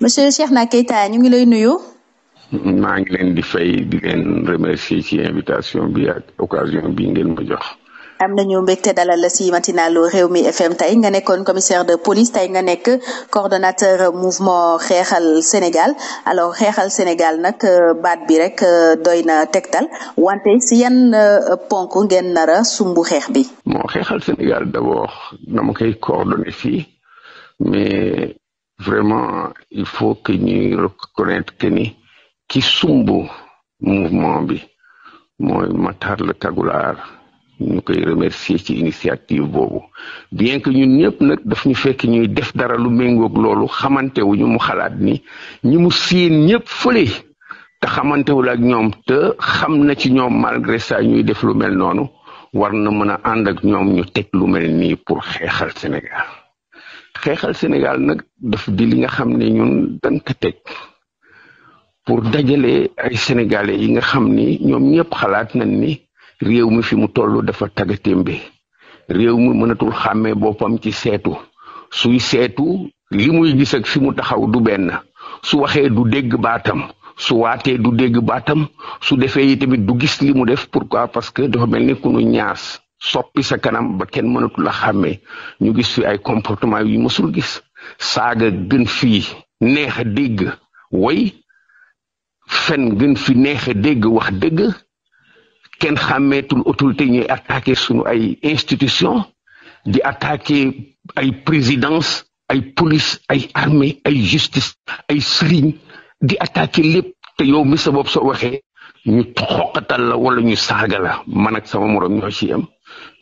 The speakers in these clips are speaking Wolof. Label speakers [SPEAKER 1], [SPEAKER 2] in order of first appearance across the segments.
[SPEAKER 1] monsieur na Keita ñu ngi lay nuyu.
[SPEAKER 2] maa ngi leen di fay di leen remercier ci invitation bi ak occasion bi ngeen ma jox.
[SPEAKER 1] am nañu mbégte dalal la si matinalu Rewmi FM tey nga nekkoon commissaire de police tey nga nekk coordonnateur mouvement xeexal Sénégal alors xeexal Sénégal nag baat bi rek doy na tegtal wante si yan ponk ngeen nara sumbu xeex bi.
[SPEAKER 2] moo xeexal Sénégal d'abord dama koy coordonné fii mais vraiment il faut que ñuy reconnaître que ni ki sumb mouvement bi mooy Matar le Kagulaar ñu koy remercier ci initiative boobu bien que ñun ñëpp nag daf ñu fekk ñuy def dara lu méngoog loolu xamante wu mu xalaat ni ñi mu siin ñëpp fële te xamantewul ak ñoom te xam na ci ñoom malgré ça ñuy def lu mel noonu war na mën a ànd ak ñoom ñu teg lu mel nii pour xeexal Sénégal xeexal Sénégal nag daf di li nga xam ne ñun dañ ko teg pour dajale ay sénégalais yi nga xam ni ñoom ñëpp xalaat nañ ni réew mi fi mu toll dafa bi réew mi mënatul xàmmee boppam ci seetu suy seetu li muy gis fi mu taxaw du benn su waxee du dégg baatam su waatee du dégg baatam su defee yi tamit du gis li mu def pour pourquoi parce que dafa mel ni ku nu ñaas soppi sa kanam ba kenn mënatu la xàmmee ñu gis fi ay comportement yu mësul gis saaga gën fi neex a dégg way fenn gën fi neex a dégg wax dëgg kenn xàmmeetul autorité ñuy attaqué suñu ay institution di attaqué ay présidence ay police ay armée ay justice ay sëriñ di attaqué lépp te yow mi sa bopp soo waxee ñu xoqatal la wala ñu saaga la man ak sama morom ñoo ci am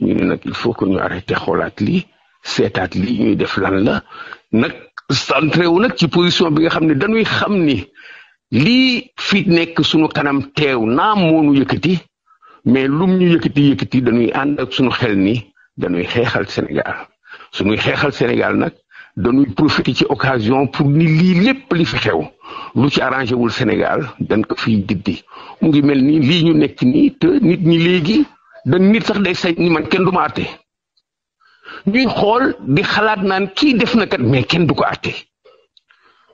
[SPEAKER 2] ñu ne nag il faut que ñu arrêté xoolaat lii seetaat lii ñuy def lan la nag centré wu nag ci position bi nga xam ne dañuy xam ni lii fi nekk suñu kanam teew naam moonu yëkkati mais lum ñu yëkkati yëkkati dañuy ànd ak suñu xel ni dañuy xeexal Sénégal suñuy xeexal Sénégal nag dañuy profiter ci occasion pour ni lii lépp li fi xew lu ci arrangé wul Sénégal dañ ko fiy diddi mu ngi mel ni lii ñu nekk nii te nit ñi léegi da nit sax day sañ ni man kenn du ma àtte ñuy xool di xalaat naan kii def na kat mais kenn du ko àtte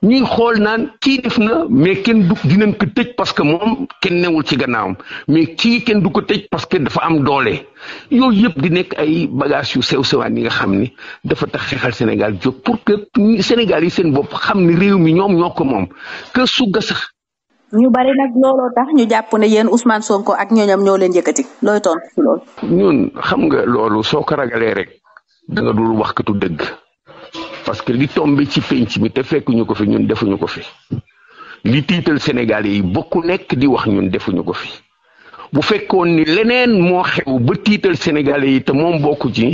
[SPEAKER 2] ñuy xool naan kii def na mais kenn du dinañ ko tëj parce que moom kenn newul ci gannaawam mais kii kenn du ko tëj parce que dafa am doole yooyu yëpp di nekk ay bagage yu sew sewaan yi nga xam ni dafa tax xeexal Sénégal jóg pour que Sénégal yi seen bopp xam ni réew mi ñoom ñoo ko moom
[SPEAKER 1] que su gasax ñu bari nag looloo tax ñu jàpp ne yéen Ousmane ko ak ñooñam ñoo leen yëkkati looy tontu ci loolu.
[SPEAKER 2] ñun xam nga loolu soo ko ragalee rek da nga dul waxkatu dëgg parce que li tombé ci penc mi te fekkuñu ko fi ñun defuñu ko fi li tiital Sénégalais yi bokku nekk di wax ñun defuñu ko fi bu fekkoon ni leneen moo xew ba tiital Sénégalais yi te moom bokku ci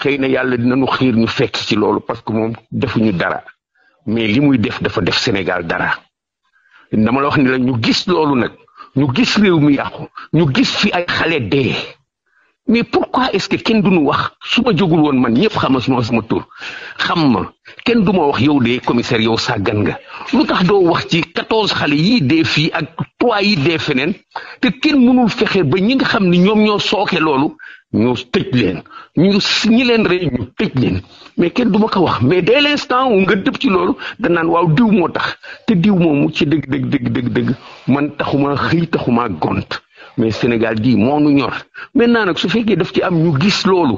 [SPEAKER 2] xëy na yàlla dinañu xiir ñu fekk ci loolu parce que moom defuñu dara mais li muy def dafa def Sénégal dara. na ma la wax ni la ñu gis loolu nag ñu gis réew mi yàqu ñu gis fi ay xale dee mais pourquoi est-ce que kenn du duñu wax su ma jógul woon man ñëpp xam na suma sama tur xam kenn du ma wax yow de commissaire yow sàggan nga lu tax doo wax ci quatorze xale yii de fii ak trois yi de feneen te kenn mënul fexe ba ñi nga xam ni ñoom ñoo sooke loolu ñu tëj leen si ñi leen rey ñu tëj leen mais kenn du ma ko wax mais dès l'instant wu nga dëpp ci loolu danaan waaw diw moo tax te diw moomu ci dëgg dëgg dëgg dëgg dëgg man taxuma xëy taxumaa gont mais Sénégal gii moo nu ñor maintenant nag su fekkee daf ci am ñu gis loolu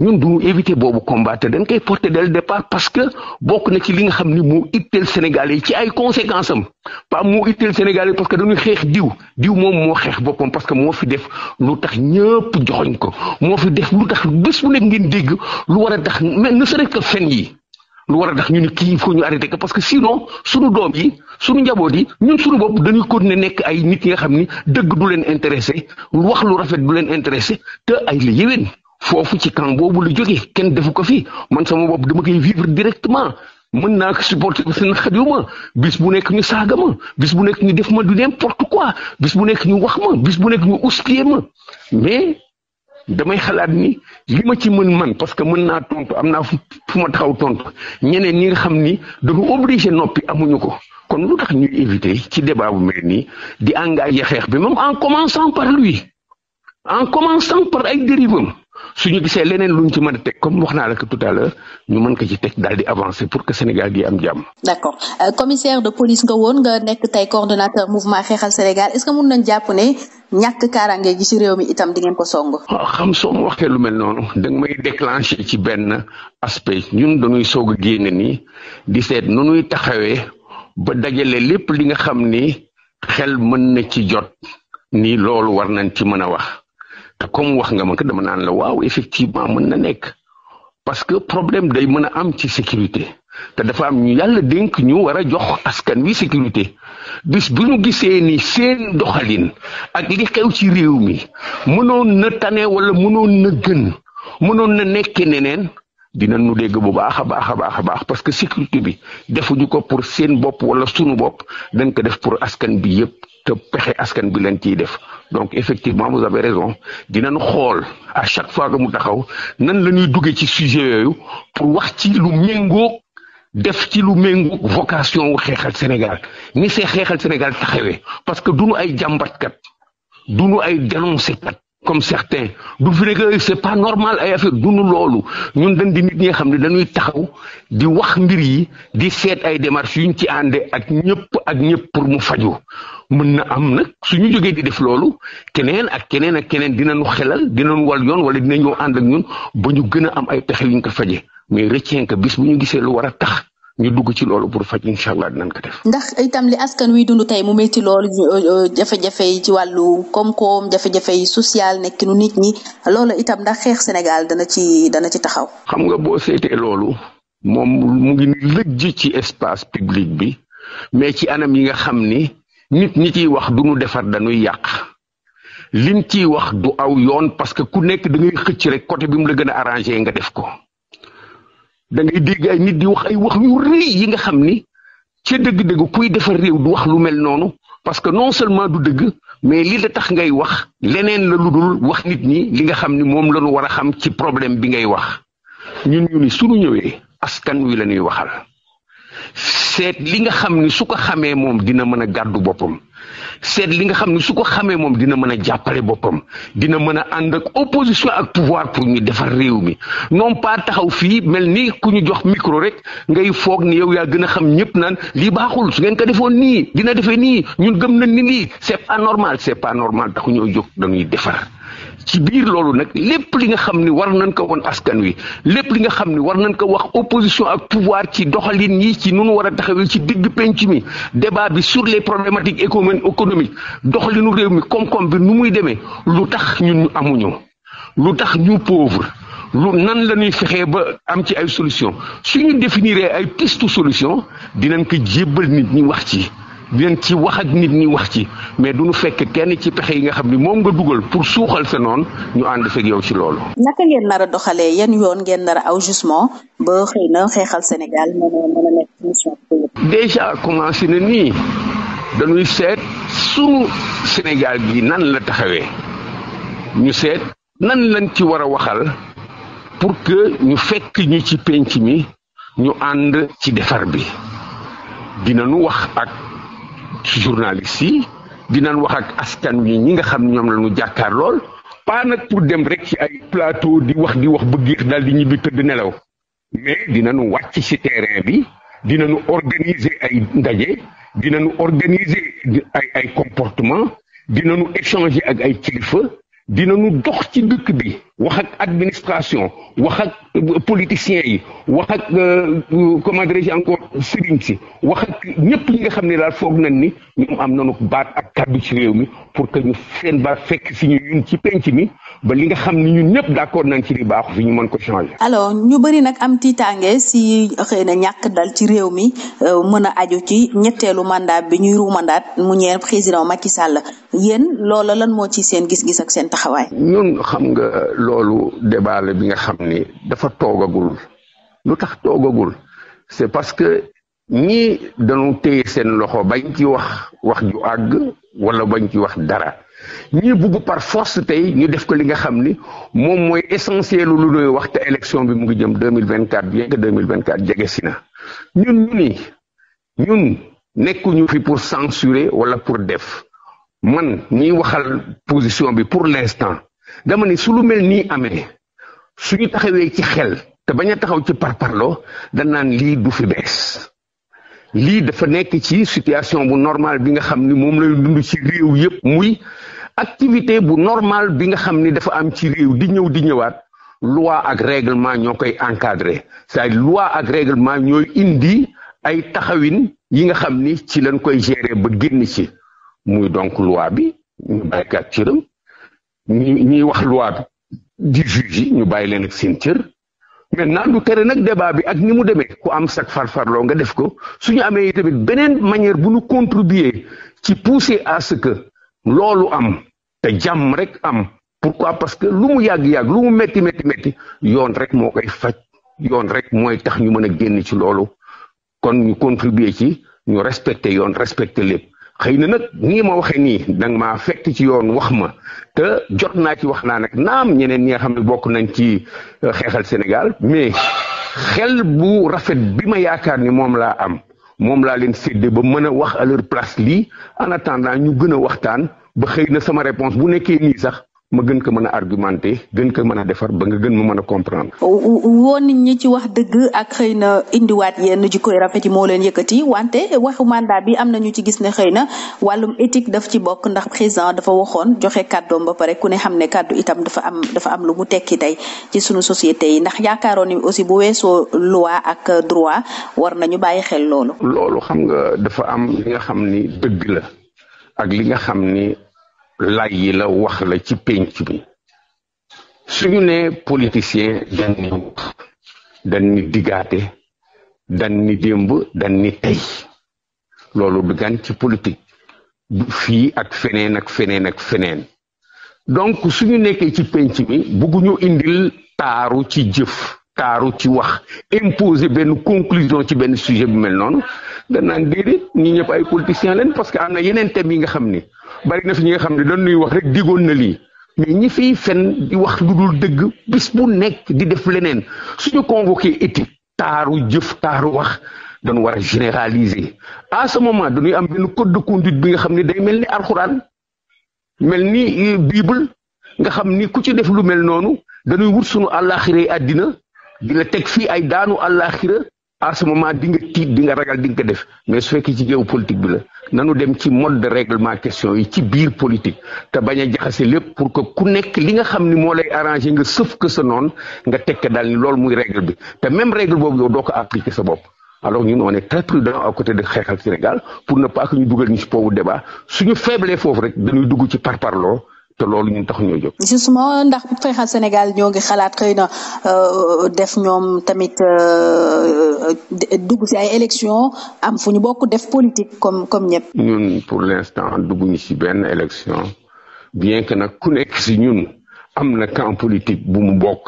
[SPEAKER 2] ñun du éviter boobu combat te dañ koy porter dès le départ parce que bokk na ci li nga xam ni mu itteel Sénégalais yi ci ay conséquences am pas moo itteel Sénégalais parce que dañuy xeex diw diw moom moo xeex boppam parce que moo fi def lu tax ñëpp joxoñ ko moo fi def lu tax bés bu nekk ngeen dégg lu war a tax me ne serait-ce que fen yi lu war a tax ñu ni kii foo ñu arrêté ko parce que sinon sunu doom yi suñu njaboot yi ñun suñu bopp dañuy ne nekk ay nit yi nga xam ni dëgg du leen intéressé wax lu rafet du leen intéressé te ay la yéwén foofu ci camp boobu la jóge kenn defu ko fi man sama bopp dama koy vivre directement mën naa ko supporter parce que bis bu nekk ñu saaga ma bis bu nekk ñu def ma du n'importe quoi bis bu nekk ñu wax ma bis bu nekk ñu uspie ma mais damay xalaat ni li ma ci mën man parce que mën naa tontu am naa fu ma taxaw tontu ñeneen ñi nga xam ni dañu obligé noppi amuñu ko kon lu tax ñuy éviter ci débat bu mel nii di engagé xeex bi même en commençant par lui en commençant par ay dérivem suñu gisee leneen luñ ci mën a teg comme wax naa la ko tout à ñu mën ko ci teg daal di avancé pour que Sénégal gi am jàmm.
[SPEAKER 1] d'accord euh, commissaire de police nga woon nga nekk tey coordonnateur mouvement xeexal Sénégal est-ce que mun nañ jàpp ne ñàkk kaaraange gi ci réew mi itam di ngeen ko song. Ah, xam soo ma
[SPEAKER 2] waxee lu mel noonu da nga may déclencher ci benn aspect ñun dañuy soog a génne nii di seet nu ñuy taxawee ba dajalee lépp li nga xam ni xel mën na ci jot ni loolu war nañ ci mën a wax. te comme wax nga ma ko dama naan la waaw effectivement mën na nekk parce que problème day mën a am ci sécurité te dafa am ñu yàlla dénk ñu war a jox askan wi sécurité bis bu ñu gisee ni seen doxalin ak li xew ci réew mi mënoon na tane wala mënoon na gën mënoon na nekk neneen dina nu dégg bu baax a baax a baax a baax parce que sécurité bi defuñu ko pour seen bopp wala sunu bopp dañ ko def pour askan bi yépp te pexe askan bi leen ciy def donc effectivement vous avez raison dinañ xool à chaque fois que mu taxaw nan la ñuy duggee ci sujet yooyu pour wax ci lu méngoo def ci lu méngoo vocation wu xeexal Sénégal ni see xeexal Sénégal taxawee parce que duñu ay jàmbatkat duñu ay dénoncé kat comme certains du fi nekk c'est pas normal ay affaire dunu loolu ñun dañ di nit ñi nga xam ne dañuy taxaw di wax mbir yi di seet ay démarches yuñ ci ànde ak ñëpp ak ñëpp pour mu faju mën na am nag ñu jógee di def loolu keneen ak keneen ak keneen dinañu xelal dinañu wal yoon wala dina ñëw ànd ak ñun ba ñu gën am ay pexe yuñ ko faje mais retien que bis bu ñu gisee lu war a tax ñu dugg ci loolu pour faj incha allah dinañ ko def.
[SPEAKER 1] ndax itam li askan wi dund tey mu métti loolu euh, euh, jafe-jafe ci wàllu koom-koom jafe-jafe yi social nekkinu nit ñi loolo itam ndax xeex Sénégal dana ci dana ci taxaw.
[SPEAKER 2] xam nga boo seetee loolu moom mu ngi lëjj ci espace public bi mais ci anam yi nga xam ni. nit ñi ciy wax du ñu defar dañuy yàq liñ ciy wax du aw yoon parce que ku nekk da xëcc rek côté bi mu la gën a arrangé nga def ko da ngay dégg ay nit di wax ay wax yu rëy yi nga xam ni ca dëgg-dëgg kuy defar réew du wax lu mel noonu parce que non seulement du dëgg mais li la tax ngay wax leneen la lu dul wax nit ñi li nga xam ni moom la ñu war a xam ci problème bi ngay wax ñun ñu ni suñu ñëwee askan wi la ñuy waxal. seet li nga xam ni su ko xamee moom dina mën a gàddu boppam seet li nga xam ni su ko xamee moom dina mën a jàppale boppam dina mën a ànd ak opposition ak pouvoir pour ñu defar réew mi non pas taxaw fii mel ni ku ñu jox micro rek ngay foog ni yow yaa gën a xam ñëpp naan lii baaxul su ngeen ko defoon nii dina defee nii ñun gëm nañ ni lii c'est pas normal c'est pas normal taxu ñoo jóg dañuy defar ci biir loolu nag lépp li nga xam ni war nañ ko woon askan wi lépp li nga xam ni war nañ ko wax opposition ak pouvoir ci doxalin yi ci nunu war a taxawee ci digg penc mi débat bi sur les problématiques économiques doxalinu réew mi koom-koom bi nu muy demee lu tax ñun ñu amuñu lu tax ñu pauvre nan la ñuy fexee ba am ci ay solution suñu définiree ay piste solution dinañ ko jébbal nit ñi wax ci dinañ ci wax ak nit ñi wax ci mais du ñu fekk kenn ci pexe yi nga xam ni moom nga dugal pour sa noonu ñu ànd fekk ci loolu.
[SPEAKER 1] naka ngeen nar a doxalee yan yoon ngeen nar aw justement ba xëy na xeexal déjà commencé na nii
[SPEAKER 2] dañuy seet sunu Sénégal gi nan la taxawee ñu seet nan lañ ci war a waxal pour que ñu fekk ñu ci pénc mi ñu ànd ci defar bi dinañu wax ak. ci journaliste yi dinañ wax ak askan wi ñi nga xam ñoom la ñu jàkkaar lool pas nag pour dem rek ci ay plateau di wax di wax bëgg daal di ñibbi tëdd nelaw mais dinañu wàcc ci terrain bi dina dinañu organiser ay ndaje dinañu organiser ay ay comportement dinañu échanger ak ay kilifa dinañu dox ci dëkk bi wax ak administration wax ak euh, politiciens yi wax ak euh, euh, comment dirais-je encore sëriñ ci wax ak ñëpp ñi nga xam ne daal foog nañ ni ñoom am nañu baat ak kàddu ci réew mi pour que ñu seen ba fekk si ñu yun ci penc mi ba li nga xam ni ñun ñëpp d'accord nañ ci li baaxu fi ñu mën ko changer.
[SPEAKER 1] alors ñu bëri nag am tiitaange si xëy na ñàkk dal ci réew mi euh, mën a aju ci ñetteelu mandat bi ñuy ruumandaat mu ñeel président Macky Sall yéen loola lan moo ci seen gis-gis ak seen taxawaay.
[SPEAKER 2] ñun xam nga euh, loolu débat bi nga xam ni dafa toogagul lu tax toogagul c'est parce que. ñii dañu téye seen loxo bañ ci wax wax ju àgg wala bañ ci wax dara ñi bugg par force tey ñu def ko li nga xam ni moom mooy essentiel lu ñuy wax te élection bi mu ngi jëm deux mille vingt quatre bien que deux mille vingt jege si na ñun ñu ni ñun nekkuñu fi pour censurer wala pour def man ñiy waxal position bi pour l'instant dama ni su lu mel nii amee suñu taxawee ci xel te bañ a taxaw ci par parlo parparloo danaan lii du fi bees lii dafa nekk ci situation bu normal bi nga xam ni moom lay dund ci réew yépp muy activité bu normal bi nga xam ni dafa am ci réew di ñëw di ñëwaat loi ak règlement ñoo koy encadré c'est-à-dire loi ak règlement ñooy indi ay taxawin yi nga xam ni ci lañ koy gérer ba génn ci muy donc loi bi ñu bàyyi ko ak cëram ñi ñuy wax loi bi di juge ñu bàyyi leen ak seen cër naa du tere nag débat bi ak ni mu demee ku am sag farfarloo nga def ko suñu amee tamit beneen manière bu ñu contribuer ci pousser à ce que loolu am te jàmm rek am pourquoi parce que lu mu yàgg-yàgg lu mu métti métti métti yoon rek moo koy faj yoon rek mooy tax ñu mën a génn ci loolu kon ñu contribuer ci ñu respecter yoon respecter lépp xëy na nag nii ma waxee nii danga maa fekk ci yoon wax ma te jot naa ci wax naa nag naam ñeneen ñi nga xam ne bokk nañ ci euh, xeexal Sénégal mais xel bu rafet bi ma yaakaar ni moom laa am moom laa leen séddee ba mën a wax à place lii en attendant ñu gën a waxtaan ba xëy na sama réponse bu nekkee nii sax ma gën ko mën a argumenté gën ko mën a defar ba nga gën ma mën a comprendre.
[SPEAKER 1] woo nit ñi ci wax dëgg ak xëy na indiwaat yenn jikkoy rafet yi moo leen yëkkati wante waxu mandat bi am na ñu ci gis ne xëy na wàllum éthique daf ci bokk ndax président dafa waxoon joxe kàddoom ba pare ku ne xam ne kàddu itam dafa am dafa am lu mu tekki tey ci suñu société yi ndax yaakaaroon ni aussi bu weesoo loi ak droit war nañu bàyyi xel loolu.
[SPEAKER 2] loolu xam nga dafa am li nga xam ni dëgg la lay yi la wax la ci pénc bi suñu ne politicien dañ ni wax dañ ni digaate dañ démb dañ tey loolu du gan ci politique fii ak feneen ak feneen ak feneen donc suñu nekkee ci penc mi bugguñu indil taaru ci jëf taaru ci wax imposer benn conclusion ci benn sujet bu mel noonu dañ naan déedéet ñi ñëpp ay politiciens leen parce que am na yeneen thèmes yi nga xam ni bari na fi ñi nga xam ne doon nuy wax rek digoon na lii mais ñi fi fen di wax lu dul dëgg bis bu nekk di def leneen suñu convoqué éthique taaru jëf taaru wax dañu war a généraliser à ce moment dañuy am benn code de conduite bi nga xam ne day mel ni alxuraan mel ni euh, bible nga xam ni ku ci def lu mel noonu dañuy wut suñu àllaaxira yi àddina di teg fii ay daanu àllaaxira à ce moment di nga tiit di nga ragal dinga ko def mais su fekkee ci géopolitique bi la nanu dem ci mode de règlement question yi ci biir politique te bañ a jaxase lépp pour que ku nekk li nga xam ni moo lay arrangé nga sëf que sa noonu nga tekk daal ni lool muy règle bi te même règle boobu yow doo ko appliqué sa bopp alors ñu on est très prudent à côté de xeexal Sénégal pour ne pas ñu dugal ñu ci poobu su ñu faible foofu rek dañuy dugg ci parparloo te loolu ñun tax ñoo jóg.
[SPEAKER 1] justement ndax Faye Sénégal ñoo xalaat xëy na euh, def ñoom tamit euh, dugg si ay élections am fu ñu bokk def politique comme comme ñëpp.
[SPEAKER 2] ñun pour l'instant dugg ñu si benn élection bien que nag ku nekk si ñun am na camp politique bu mu bokk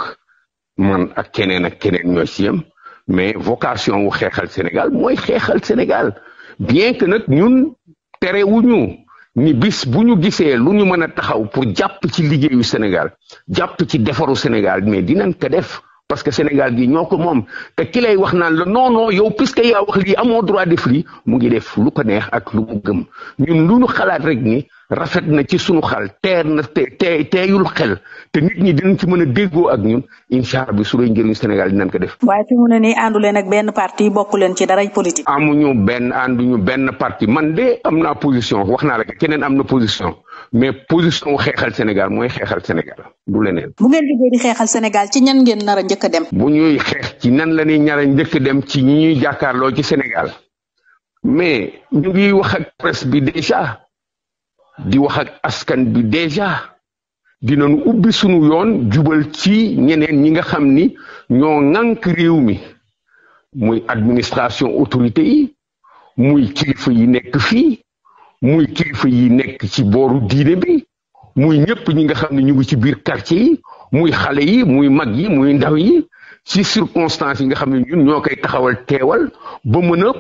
[SPEAKER 2] man ak keneen ak keneen ñoo si yem mais vocation wu xeexal Sénégal mooy xeexal Sénégal bien que nag ñun terewuñu. ni bis bu ñu gisee lu ñu mën a taxaw pour jàpp ci liggéeyu Sénégal jàpp ci defaru Sénégal mais dinañ ko def parce que Sénégal gi ñoo ko moom te ki lay wax naan la non non yow puisque yaa wax lii amoo droit def lii mu ngi def lu ko neex ak lu mu gëm ñun lu ñu xalaat rek ni rafet na ci sunuxal xal teer na te teeyul xel te nit ñi dinañ ci mën a déggoo ak ñun incha allah bi sunuy njëriñu Sénégal dinañ ko def.
[SPEAKER 1] waaye fi mu ne nii àndu leen ak benn parti bokk leen ci dara politique. amuñu
[SPEAKER 2] benn ñu benn parti man de am naa position wax naa la keneen am na position. mais position wu xeexal Sénégal mooy xeexal Sénégal du leneen.
[SPEAKER 1] bu ngeen liggéey di xeexal Sénégal ci ñan ngeen nar a njëkk a dem.
[SPEAKER 2] bu ñuy xeex ci nan la ñuy ñar a njëkk a dem ci ñuy jàkkaarloo ci Sénégal mais ñu ngi wax ak presse bi di wax ak askan bi déjà dinañu ubbi sunu yoon jubal ci ñeneen ñi nga xam ni ñoo ŋànk réew mi muy administration autorité yi muy kilifa yi nekk fii muy kilifa yi nekk ci booru diine bi muy ñëpp ñi nga xam ne ñu ngi ci biir quartier yi muy xale yi muy mag yi muy ndaw yi ci circonstances yi nga xam ne ñun ñoo koy taxawal teewal ba mën a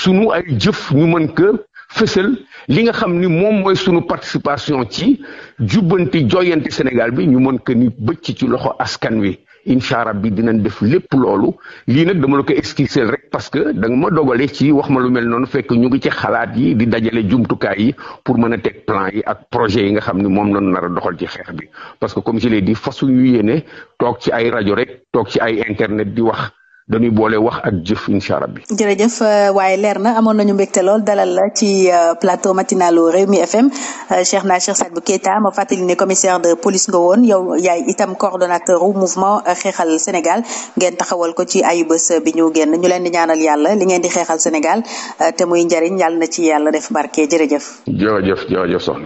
[SPEAKER 2] sunu ay jëf ñu mën ko fësal li nga xam ni moom mooy sunu participation ci jubbanti joyanti Sénégal bi ñu mën ko ni bëcc ci loxo askan wi incha allah bi dinañ def lépp loolu lii nag dama la ko esquisser rek parce que da nga ma dogale ci wax ma lu mel noonu fekk ñu ngi ci xalaat yi di dajale jumtukaay yi pour mën a teg plan yi ak projet yi nga xam ni moom lañ nar a doxal ci xeex bi parce que comme je di dit fasu ñu yéene toog ci ay rajo rek toog ci ay internet di wax dañuy boole wax ak jëf incha rabbi.
[SPEAKER 1] jërëjëf euh, waaye leer na amoon nañu mbégte lool dalal la ci euh, plateau matinalu Rewmi FM euh, Cheikhna Cheikh Sadibou Keita ma fàttali ne commissaire de police nga woon yow yaay itam coordonnateur u mouvement xeexal Sénégal ngeen taxawal ko ci ayubés bi ñu génn ñu leen di ñaanal yàlla li ngeen di xeexal Sénégal te muy njëriñ yàlla na ci yàlla def barke jërëjëf.
[SPEAKER 2] jërëjëf